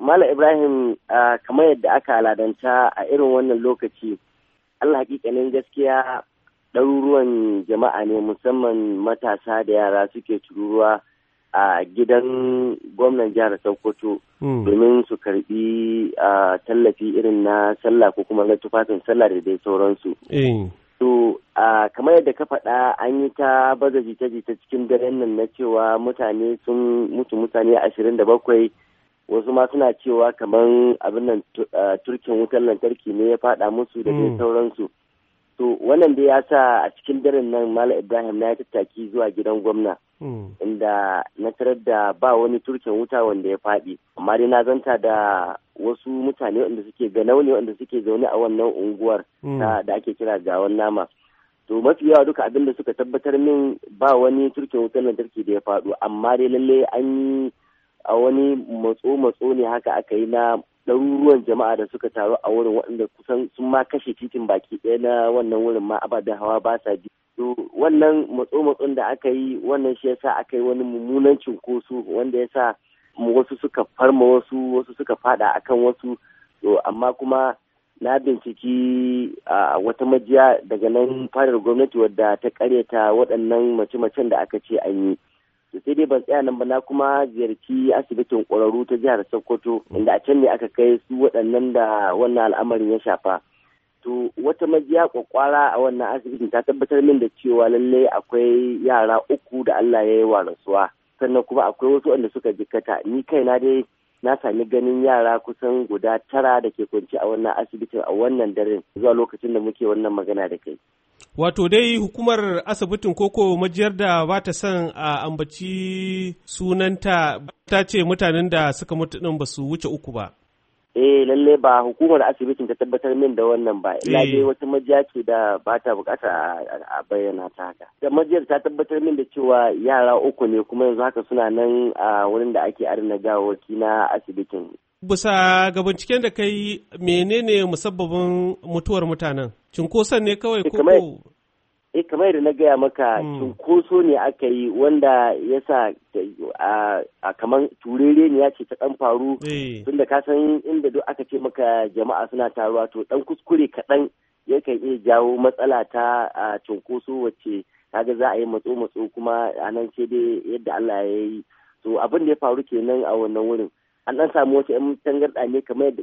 Malam Ibrahim, kamar yadda aka aladanta a irin wannan lokaci, Allah hakikanin gaskiya ɗaruruwan jama'a ne musamman matasa da yara suke tururuwa a gidan gwamnan jihar Sokoto hmm. domin su karbi tallafi irin na sallah ko kuma na tufafin sallah da dai sauransu. Eh. To, kamar yadda ka faɗa an yi ta baza jita-jita cikin daren nan na cewa mutane sun mutu mutane ashirin da bakwai. wasu ma suna cewa kamar abin nan eh, turkin wutar lantarki ne ya faɗa musu da dai mm. sauransu to wannan da ya sa a cikin daren nan malam ibrahim na ya tattaki zuwa gidan gwamna mm. inda na tarar da ba wani turkin wuta wanda ya faɗi amma dai na zanta da wasu mutane wanda suke ga ne wanda suke zaune a wannan unguwar mm. da ake kira gawan nama to mafi yawa duka abinda suka tabbatar min ba wani turkin wutar lantarki da ya faɗo amma dai lallai an yi a wani matso-matso ne haka aka yi na ɗaruruwan jama'a da suka taru a wurin waɗanda kusan sun ma kashe titin baki ɗaya na wannan wurin ma ababen hawa ba sa bi. To wannan matso-matson da aka yi wannan shi yasa aka yi wani mummunan cunkoso wanda yasa wasu suka farma wasu wasu suka fada akan wasu to amma kuma na binciki a wata majiya daga nan fadar gwamnati wadda ta karyata waɗannan mace-macen da aka ce an yi. ban tsaya nan ba na kuma ziyarci asibitin ƙwararru ta jihar Sokoto inda a can ne aka kai su waɗannan da wannan al'amarin ya shafa. To wata majiya kwakwara a wannan asibitin ta tabbatar min da cewa lallai akwai yara uku da Allah ya yi wa rasuwa. sannan kuma akwai wasu wanda suka jikkata ni kaina dai na sami ganin yara kusan guda tara da ke kwanci a wannan asibitin a wannan daren zuwa lokacin da muke wannan magana da kai. Wato dai hukumar asibitin koko majiyar da ba ta son a ambaci sunanta ta ce mutanen da suka mutu ɗin ba su wuce uku ba. eh lalle ba hukumar asibitin ta tabbatar min da wannan ba illa eh. dai wata majiya ce da ba ta bukata a bayyana ta haka da majiyar ta tabbatar min da cewa yara uku ne kuma yanzu haka suna nan a wurin da ake arna gawo na asibitin bisa ga binciken da kai menene musabbabin mutuwar mutanen cinkoson ne kawai eh, ko eh kamar da na gaya maka hmm. cunkoso ne aka yi wanda ya sa a kamar turere ne ya ce ta dan faru eh. tunda ka san inda duk aka ce maka jama'a suna taruwa to dan kuskure kaɗan ya kan iya jawo matsala ta cunkoso wacce kaga za a yi matso matso kuma a nan ce dai yadda Allah ya yi to abin da ya faru kenan a wannan wurin an dan samu wata yan tangarɗa ne kamar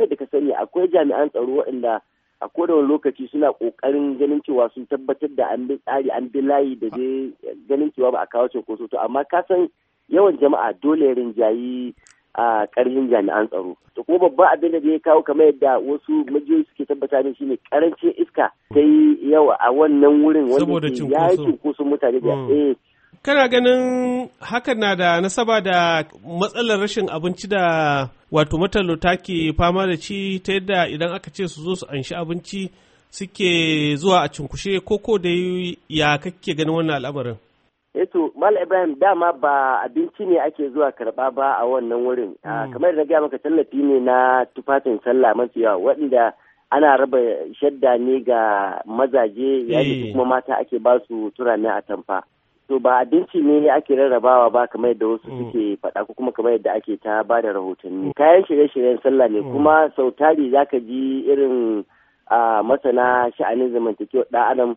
yadda ka sani akwai jami'an tsaro waɗanda a kodawane lokaci suna kokarin ganin cewa sun tabbatar da an bi tsari an bi layi da dai ganin cewa ba a kawo cunkoso to amma ka san yawan jama'a dole rinjayi a karhin jami'an tsaro to kuma babban abin da ya kawo kamar yadda wasu majiyoyi suke tabbata ne shine karancin iska sai yawa a wannan wurin wanda ya yi cunkoson mutane da mm. eh Kana ganin hakan na da nasaba da matsalar rashin abinci da wato matalauta ke fama da ci ta yadda idan aka ce su zo su anshi abinci suke zuwa a cinkushe ko da ya kake ganin wannan al'amarin? Eto, eh Mal Ibrahim dama ba abinci ne ake zuwa karɓa ba a wannan wurin. Ah, hmm. Kamar da gaya maka tallafi ne na tufafin sallah mafi yawa waɗanda ana raba shadda ne ga mazaje yayin eh. kuma mata ake ba su turami a tamfa. to ba abinci ne ake rarrabawa ba kamar yadda wasu mm. suke faɗa ko kuma kamar yadda ake ta ba da rahotanni mm. kayan shirye-shiryen sallah ne mm. kuma sau tari ka ji irin masana sha'anin zamantakewar ɗan adam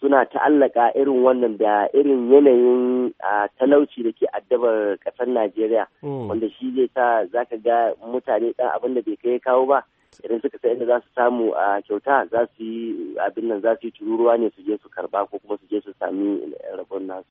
suna ta'allaka irin wannan da irin yanayin talauci da ke addabar ƙasar najeriya wanda shi zai sa za ka ga mutane ɗan abin da bai kai kawo ba idan suka san inda za su samu a kyauta za su yi abin nan za su yi tururuwa ne su je su karba ko kuma su je su sami rabon nasu.